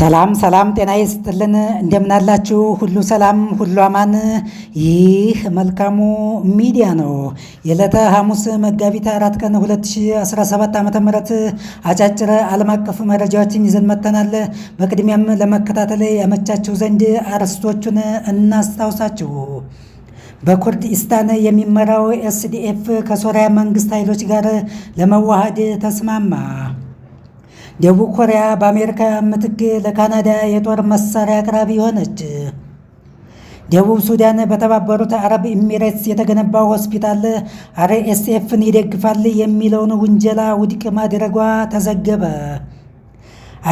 ሰላም ሰላም፣ ጤና ይስጥልን። እንደምናላችሁ ሁሉ ሰላም፣ ሁሉ አማን። ይህ መልካሙ ሚዲያ ነው። የዕለተ ሐሙስ መጋቢት አራት ቀን 2017 ዓ ም አጫጭር ዓለም አቀፍ መረጃዎችን ይዘን መጥተናል። በቅድሚያም ለመከታተል ያመቻችሁ ዘንድ አርዕስቶቹን እናስታውሳችሁ። በኩርድስታን የሚመራው ኤስዲኤፍ ከሶሪያ መንግስት ኃይሎች ጋር ለመዋሃድ ተስማማ። ደቡብ ኮሪያ በአሜሪካ ምትክ ለካናዳ የጦር መሳሪያ አቅራቢ ሆነች። ደቡብ ሱዳን በተባበሩት አረብ ኤሚሬትስ የተገነባው ሆስፒታል አርኤስኤፍን ይደግፋል የሚለውን ውንጀላ ውድቅ ማድረጓ ተዘገበ።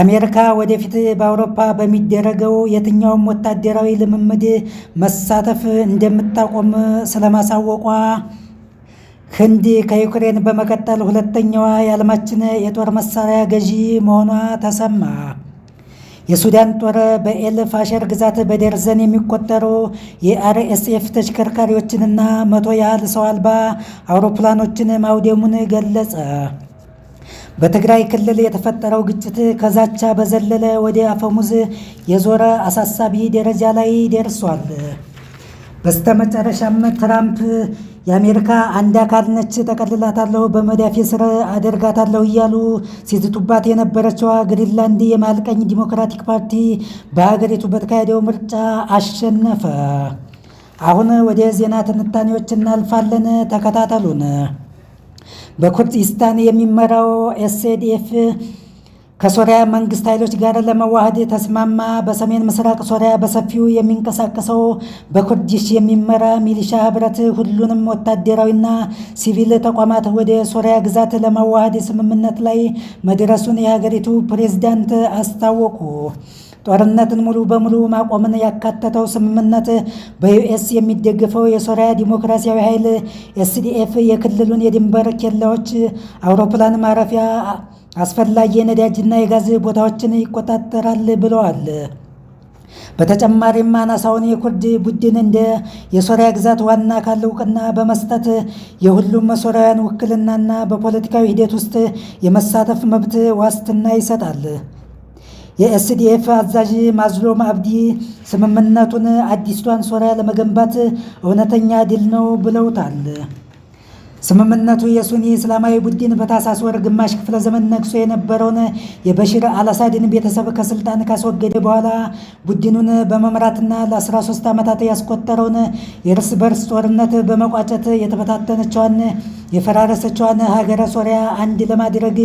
አሜሪካ ወደፊት በአውሮፓ በሚደረገው የትኛውም ወታደራዊ ልምምድ መሳተፍ እንደምታቆም ስለማሳወቋ ህንድ ከዩክሬን በመቀጠል ሁለተኛዋ የዓለማችን የጦር መሳሪያ ገዢ መሆኗ ተሰማ። የሱዳን ጦር በኤል ፋሸር ግዛት በደርዘን የሚቆጠሩ የአርኤስኤፍ ተሽከርካሪዎችንና መቶ ያህል ሰው አልባ አውሮፕላኖችን ማውደሙን ገለጸ። በትግራይ ክልል የተፈጠረው ግጭት ከዛቻ በዘለለ ወደ አፈሙዝ የዞረ አሳሳቢ ደረጃ ላይ ደርሷል። በስተመጨረሻም ትራምፕ የአሜሪካ አንድ አካል ነች፣ ጠቀልላታለሁ፣ በመዳፌ ስር አደርጋታለሁ እያሉ ሲዝቱባት የነበረችዋ ግሪንላንድ የማልቀኝ ዲሞክራቲክ ፓርቲ በሀገሪቱ በተካሄደው ምርጫ አሸነፈ። አሁን ወደ ዜና ትንታኔዎች እናልፋለን። ተከታተሉን። በኩርዲስታን የሚመራው ኤስኤዲኤፍ ከሶሪያ መንግስት ኃይሎች ጋር ለመዋሃድ የተስማማ በሰሜን ምስራቅ ሶሪያ በሰፊው የሚንቀሳቀሰው በኩርዲሽ የሚመራ ሚሊሻ ህብረት ሁሉንም ወታደራዊና ሲቪል ተቋማት ወደ ሶሪያ ግዛት ለመዋሃድ ስምምነት ላይ መድረሱን የሀገሪቱ ፕሬዝዳንት አስታወቁ። ጦርነትን ሙሉ በሙሉ ማቆምን ያካተተው ስምምነት በዩኤስ የሚደግፈው የሶሪያ ዲሞክራሲያዊ ኃይል ኤስዲኤፍ የክልሉን የድንበር ኬላዎች፣ አውሮፕላን ማረፊያ አስፈላጊ የነዳጅና የጋዝ ቦታዎችን ይቆጣጠራል ብለዋል። በተጨማሪም አናሳውን የኩርድ ቡድን እንደ የሶሪያ ግዛት ዋና አካል እውቅና በመስጠት የሁሉም ሶሪያውያን ውክልናና በፖለቲካዊ ሂደት ውስጥ የመሳተፍ መብት ዋስትና ይሰጣል። የኤስዲኤፍ አዛዥ ማዝሎም አብዲ ስምምነቱን አዲስቷን ሶሪያ ለመገንባት እውነተኛ ድል ነው ብለውታል። ስምምነቱ የሱኒ እስላማዊ ቡድን በታህሳስ ወር ግማሽ ክፍለ ዘመን ነግሶ የነበረውን የበሽር አልአሳድን ቤተሰብ ከስልጣን ካስወገደ በኋላ ቡድኑን በመምራትና ለ13 ዓመታት ያስቆጠረውን የእርስ በርስ ጦርነት በመቋጨት የተበታተነቸዋን የፈራረሰችዋን ሀገረ ሶሪያ አንድ ለማድረግ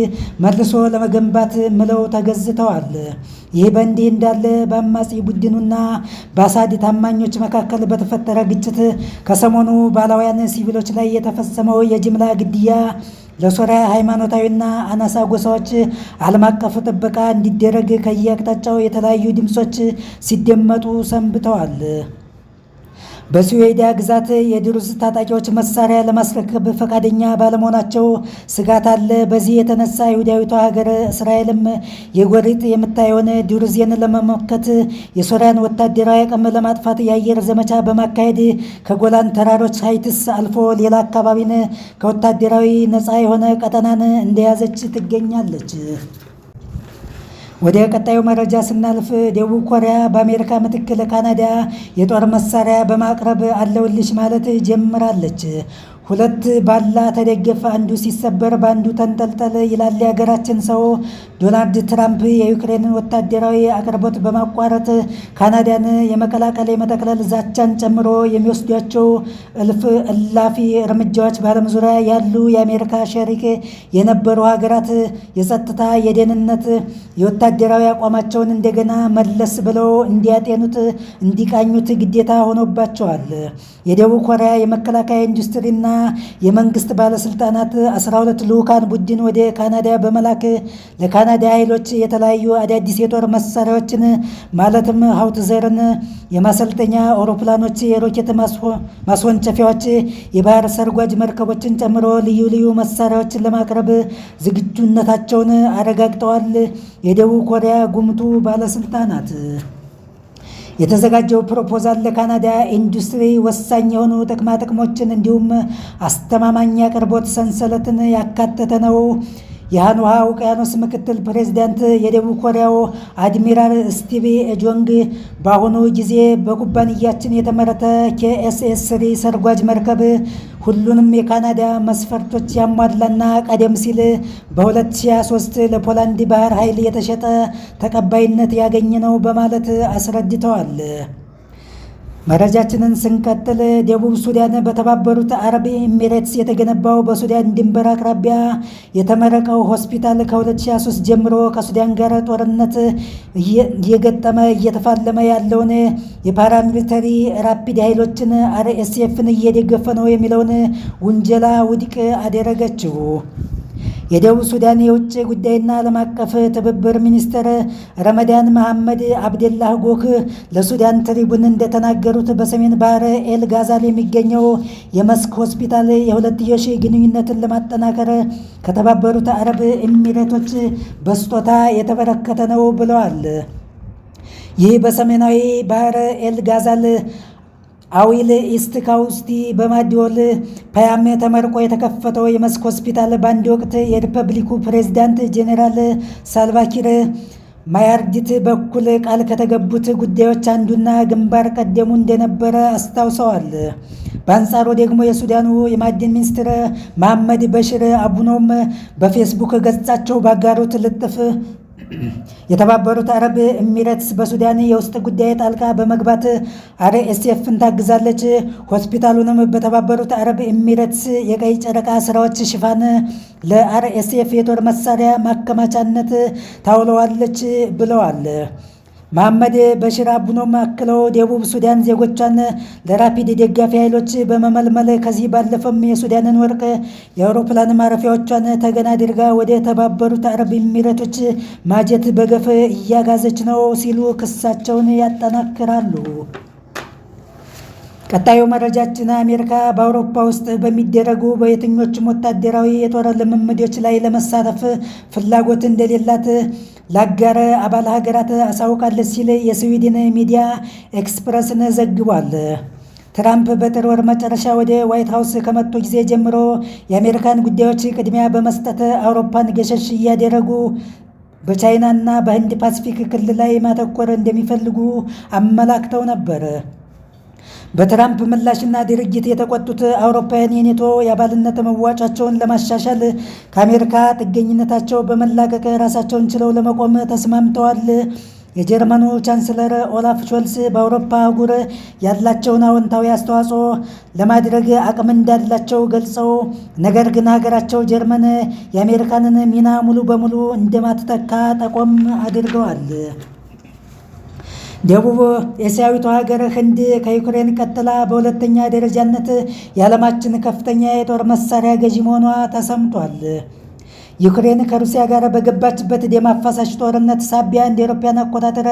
መልሶ ለመገንባት ምለው ተገዝተዋል። ይህ በእንዲህ እንዳለ በአማጺ ቡድኑና በአሳድ ታማኞች መካከል በተፈጠረ ግጭት ከሰሞኑ ባላውያን ሲቪሎች ላይ የተፈጸመው የጅምላ ግድያ ለሶሪያ ሃይማኖታዊና አናሳ ጎሳዎች ዓለም አቀፍ ጥበቃ እንዲደረግ ከየአቅጣጫው የተለያዩ ድምፆች ሲደመጡ ሰንብተዋል። በሱዌዳ ግዛት የድሩዝ ታጣቂዎች መሳሪያ ለማስረከብ ፈቃደኛ ባለመሆናቸው ስጋት አለ። በዚህ የተነሳ ይሁዳዊቷ ሀገር እስራኤልም የጎሪጥ የምታየውን ድሩዝን ለመመከት የሶሪያን ወታደራዊ አቅም ለማጥፋት የአየር ዘመቻ በማካሄድ ከጎላን ተራሮች ሀይትስ አልፎ ሌላ አካባቢን ከወታደራዊ ነፃ የሆነ ቀጠናን እንደያዘች ትገኛለች። ወደ ቀጣዩ መረጃ ስናልፍ ደቡብ ኮሪያ በአሜሪካ ምትክል ካናዳ የጦር መሳሪያ በማቅረብ አለውልሽ ማለት ጀምራለች። ሁለት ባላ ተደገፈ አንዱ ሲሰበር በአንዱ ተንጠልጠለ ይላል የሀገራችን ሰው። ዶናልድ ትራምፕ የዩክሬንን ወታደራዊ አቅርቦት በማቋረጥ ካናዳን የመቀላቀል የመጠቅለል ዛቻን ጨምሮ የሚወስዷቸው እልፍ እላፊ እርምጃዎች በዓለም ዙሪያ ያሉ የአሜሪካ ሸሪክ የነበሩ ሀገራት የጸጥታ፣ የደህንነት፣ የወታደራዊ አቋማቸውን እንደገና መለስ ብለው እንዲያጤኑት፣ እንዲቃኙት ግዴታ ሆኖባቸዋል። የደቡብ ኮሪያ የመከላከያ ኢንዱስትሪና የመንግስት ባለስልጣናት 12 ልዑካን ቡድን ወደ ካናዳ በመላክ ለካናዳ ኃይሎች የተለያዩ አዳዲስ የጦር መሳሪያዎችን ማለትም ሀውትዘርን፣ የማሰልጠኛ አውሮፕላኖች፣ የሮኬት ማስወንጨፊያዎች፣ የባህር ሰርጓጅ መርከቦችን ጨምሮ ልዩ ልዩ መሳሪያዎችን ለማቅረብ ዝግጁነታቸውን አረጋግጠዋል የደቡብ ኮሪያ ጉምቱ ባለስልጣናት። የተዘጋጀው ፕሮፖዛል ለካናዳ ኢንዱስትሪ ወሳኝ የሆኑ ጥቅማጥቅሞችን እንዲሁም አስተማማኝ አቅርቦት ሰንሰለትን ያካተተ ነው። የሃኖሃ ውቅያኖስ ምክትል ፕሬዚዳንት የደቡብ ኮሪያው አድሚራል ስቲቭ ጆንግ በአሁኑ ጊዜ በኩባንያችን የተመረተ ኬኤስኤስ ስሪ ሰርጓጅ መርከብ ሁሉንም የካናዳ መስፈርቶች ያሟላና ቀደም ሲል በ2023 ለፖላንድ ባህር ኃይል የተሸጠ ተቀባይነት ያገኘ ነው በማለት አስረድተዋል። መረጃችንን ስንቀጥል ደቡብ ሱዳን በተባበሩት አረብ ኤሚሬትስ የተገነባው በሱዳን ድንበር አቅራቢያ የተመረቀው ሆስፒታል ከ2023 ጀምሮ ከሱዳን ጋር ጦርነት እየገጠመ እየተፋለመ ያለውን የፓራሚሊተሪ ራፒድ ኃይሎችን አርኤስኤፍን እየደገፈ ነው የሚለውን ውንጀላ ውድቅ አደረገችው። የደቡብ ሱዳን የውጭ ጉዳይና ዓለም አቀፍ ትብብር ሚኒስትር ረመዳን መሐመድ አብደላህ ጎክ ለሱዳን ትሪቡን እንደተናገሩት በሰሜን ባህር ኤል ጋዛል የሚገኘው የመስክ ሆስፒታል የሁለትዮሽ ግንኙነትን ለማጠናከር ከተባበሩት አረብ ኤሚሬቶች በስጦታ የተበረከተ ነው ብለዋል። ይህ በሰሜናዊ ባህር ኤል ጋዛል አዊል ኢስት ካውስቲ በማዲወል ፓያሜ ተመርቆ የተከፈተው የመስክ ሆስፒታል በአንድ ወቅት የሪፐብሊኩ ፕሬዝዳንት ጄኔራል ሳልቫኪር ማያርዲት በኩል ቃል ከተገቡት ጉዳዮች አንዱና ግንባር ቀደሙ እንደነበረ አስታውሰዋል። በአንጻሩ ደግሞ የሱዳኑ የማዕድን ሚኒስትር መሐመድ በሽር አቡኖም በፌስቡክ ገጻቸው ባጋሩት ልጥፍ የተባበሩት አረብ ኤሚሬትስ በሱዳን የውስጥ ጉዳይ ጣልቃ በመግባት አርኤስኤፍን ታግዛለች። ሆስፒታሉንም በተባበሩት አረብ ኤሚሬትስ የቀይ ጨረቃ ስራዎች ሽፋን ለአርኤስኤፍ የጦር መሳሪያ ማከማቻነት ታውለዋለች ብለዋል። መሐመድ በሽር አቡኖ አክለው ደቡብ ሱዳን ዜጎቿን ለራፒድ ደጋፊ ኃይሎች በመመልመል ከዚህ ባለፈም የሱዳንን ወርቅ የአውሮፕላን ማረፊያዎቿን ተገና አድርጋ ወደ ተባበሩት አረብ ኤሚሬቶች ማጀት በገፍ እያጋዘች ነው ሲሉ ክሳቸውን ያጠናክራሉ። ቀጣዩ መረጃችን አሜሪካ በአውሮፓ ውስጥ በሚደረጉ በየትኞቹም ወታደራዊ የጦር ልምምዶች ላይ ለመሳተፍ ፍላጎት እንደሌላት ለአጋር አባል ሀገራት አሳውቃለች ሲል የስዊድን ሚዲያ ኤክስፕረስን ዘግቧል። ትራምፕ በጥር ወር መጨረሻ ወደ ዋይት ሀውስ ከመጡ ጊዜ ጀምሮ የአሜሪካን ጉዳዮች ቅድሚያ በመስጠት አውሮፓን ገሸሽ እያደረጉ በቻይናና በህንድ ፓሲፊክ ክልል ላይ ማተኮር እንደሚፈልጉ አመላክተው ነበር። በትራምፕ ምላሽና ድርጊት የተቆጡት አውሮፓውያን የኔቶ የአባልነት መዋጫቸውን ለማሻሻል ከአሜሪካ ጥገኝነታቸው በመላቀቅ ራሳቸውን ችለው ለመቆም ተስማምተዋል። የጀርመኑ ቻንስለር ኦላፍ ሾልስ በአውሮፓ አህጉር ያላቸውን አዎንታዊ አስተዋጽኦ ለማድረግ አቅም እንዳላቸው ገልጸው፣ ነገር ግን ሀገራቸው ጀርመን የአሜሪካንን ሚና ሙሉ በሙሉ እንደማትተካ ጠቆም አድርገዋል። ደቡብ ኤስያዊቱ ሀገር ህንድ ከዩክሬን ቀጥላ በሁለተኛ ደረጃነት የዓለማችን ከፍተኛ የጦር መሳሪያ ገዢ መሆኗ ተሰምቷል። ዩክሬን ከሩሲያ ጋር በገባችበት ደም አፋሳሽ ጦርነት ሳቢያ እንደ አውሮፓውያን አቆጣጠር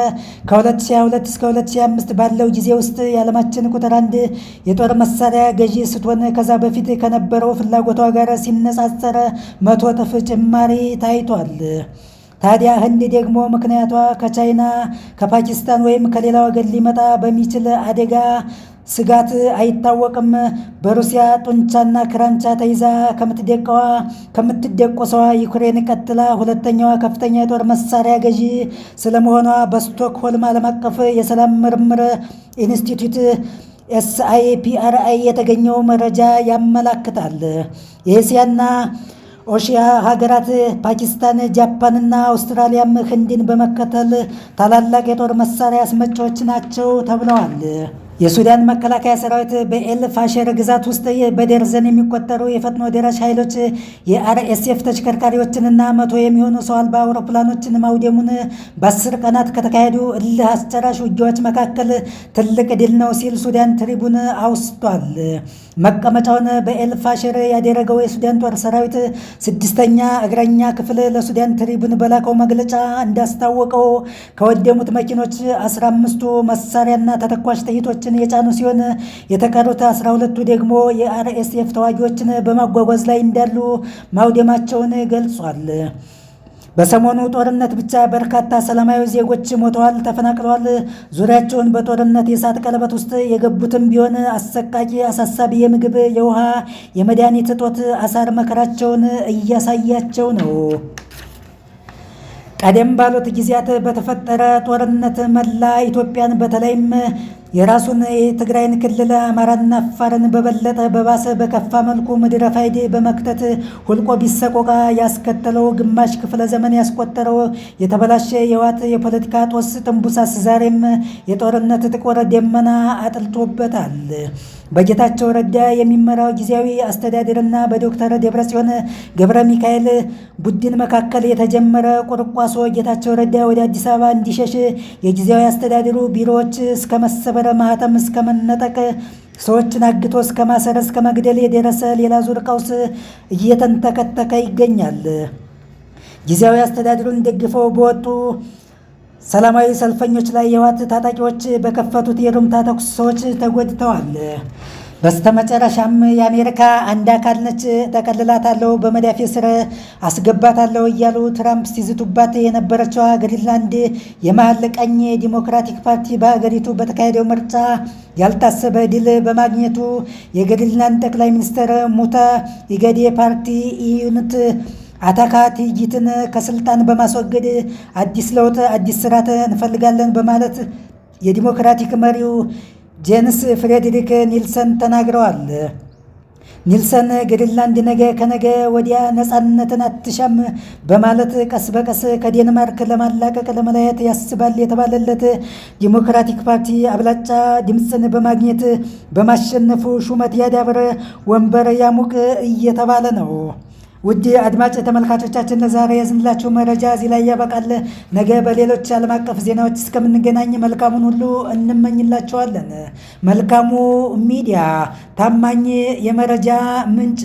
ከ2022 እስከ 2025 ባለው ጊዜ ውስጥ የዓለማችን ቁጥር አንድ የጦር መሳሪያ ገዢ ስትሆን ከዛ በፊት ከነበረው ፍላጎቷ ጋር ሲነጻጸር መቶ እጥፍ ጭማሪ ታይቷል። ታዲያ ህንድ ደግሞ ምክንያቷ ከቻይና ከፓኪስታን ወይም ከሌላ ወገን ሊመጣ በሚችል አደጋ ስጋት አይታወቅም። በሩሲያ ጡንቻና ክራንቻ ተይዛ ከምትደቀዋ ከምትደቆሰዋ ዩክሬን ቀጥላ ሁለተኛዋ ከፍተኛ የጦር መሳሪያ ገዢ ስለመሆኗ በስቶክሆልም ዓለም አቀፍ የሰላም ምርምር ኢንስቲትዩት ኤስአይፒአርአይ የተገኘው መረጃ ያመላክታል። የእስያና ኦሺያ ሀገራት ፓኪስታን፣ ጃፓንና አውስትራሊያም ህንድን በመከተል ታላላቅ የጦር መሳሪያ አስመጪዎች ናቸው ተብለዋል። የሱዳን መከላከያ ሰራዊት በኤል ፋሸር ግዛት ውስጥ በደርዘን የሚቆጠሩ የፈጥኖ ደራሽ ኃይሎች የአርኤስኤፍ ተሽከርካሪዎችንና መቶ የሚሆኑ ሰው አልባ አውሮፕላኖችን ማውደሙን በአስር ቀናት ከተካሄዱ እልህ አስጨራሽ ውጊያዎች መካከል ትልቅ ድል ነው ሲል ሱዳን ትሪቡን አውስቷል። መቀመጫውን በኤል ፋሸር ያደረገው የሱዳን ጦር ሰራዊት ስድስተኛ እግረኛ ክፍል ለሱዳን ትሪቡን በላከው መግለጫ እንዳስታወቀው ከወደሙት መኪኖች አስራ አምስቱ መሳሪያና ተተኳሽ ጥይቶች። ተዋጊዎችን የጫኑ ሲሆን የተቀሩት 12ቱ ደግሞ የአርኤስኤፍ ተዋጊዎችን በማጓጓዝ ላይ እንዳሉ ማውደማቸውን ገልጿል። በሰሞኑ ጦርነት ብቻ በርካታ ሰላማዊ ዜጎች ሞተዋል፣ ተፈናቅለዋል። ዙሪያቸውን በጦርነት የእሳት ቀለበት ውስጥ የገቡትም ቢሆን አሰቃቂ፣ አሳሳቢ የምግብ የውሃ፣ የመድኃኒት እጦት አሳር መከራቸውን እያሳያቸው ነው። ቀደም ባሉት ጊዜያት በተፈጠረ ጦርነት መላ ኢትዮጵያን በተለይም የራሱን የትግራይን ክልል አማራና አፋርን በበለጠ በባሰ በከፋ መልኩ ምድረ ፋይዴ በመክተት ሁልቆ ቢሰቆቃ ያስከተለው ግማሽ ክፍለ ዘመን ያስቆጠረው የተበላሸ የዋት የፖለቲካ ጦስ ጥንቡሳስ ዛሬም የጦርነት ጥቁር ደመና አጥልቶበታል። በጌታቸው ረዳ የሚመራው ጊዜያዊ አስተዳደርና በዶክተር ደብረጽዮን ገብረ ሚካኤል ቡድን መካከል የተጀመረ ቁርቋሶ ጌታቸው ረዳ ወደ አዲስ አበባ እንዲሸሽ የጊዜያዊ አስተዳደሩ ቢሮዎች እስከ መሰበረ ማህተም እስከ መነጠቅ ሰዎችን አግቶ እስከ ማሰር እስከ መግደል የደረሰ ሌላ ዙር ቀውስ እየተንተከተከ ይገኛል። ጊዜያዊ አስተዳደሩን ደግፈው በወጡ ሰላማዊ ሰልፈኞች ላይ የህወሓት ታጣቂዎች በከፈቱት የሩምታ ተኩስ ሰዎች ተጎድተዋል። በስተመጨረሻም የአሜሪካ አንድ አካል ነች፣ ጠቀልላታለሁ፣ በመዳፌ ስር አስገባታለሁ እያሉ ትራምፕ ሲዝቱባት የነበረችው ግሪንላንድ የመሀል ቀኝ ዲሞክራቲክ ፓርቲ በሀገሪቱ በተካሄደው ምርጫ ያልታሰበ ድል በማግኘቱ የግሪንላንድ ጠቅላይ ሚኒስትር ሙተ ኢገዴ ፓርቲ ኢዩኒት አታካ ጊትን ከስልጣን በማስወገድ አዲስ ለውጥ፣ አዲስ ስርዓት እንፈልጋለን በማለት የዲሞክራቲክ መሪው ጄንስ ፍሬድሪክ ኒልሰን ተናግረዋል። ኒልሰን ግሪንላንድ ነገ ከነገ ወዲያ ነፃነትን አትሻም በማለት ቀስ በቀስ ከዴንማርክ ለማላቀቅ ለመለየት ያስባል የተባለለት ዲሞክራቲክ ፓርቲ አብላጫ ድምፅን በማግኘት በማሸነፉ ሹመት ያዳብረ ወንበር ያሙቅ እየተባለ ነው። ውድ አድማጭ ተመልካቾቻችን ለዛሬ የዝንላችሁ መረጃ እዚህ ላይ ያበቃል። ነገ በሌሎች ዓለም አቀፍ ዜናዎች እስከምንገናኝ መልካሙን ሁሉ እንመኝላችኋለን። መልካሙ ሚዲያ ታማኝ የመረጃ ምንጭ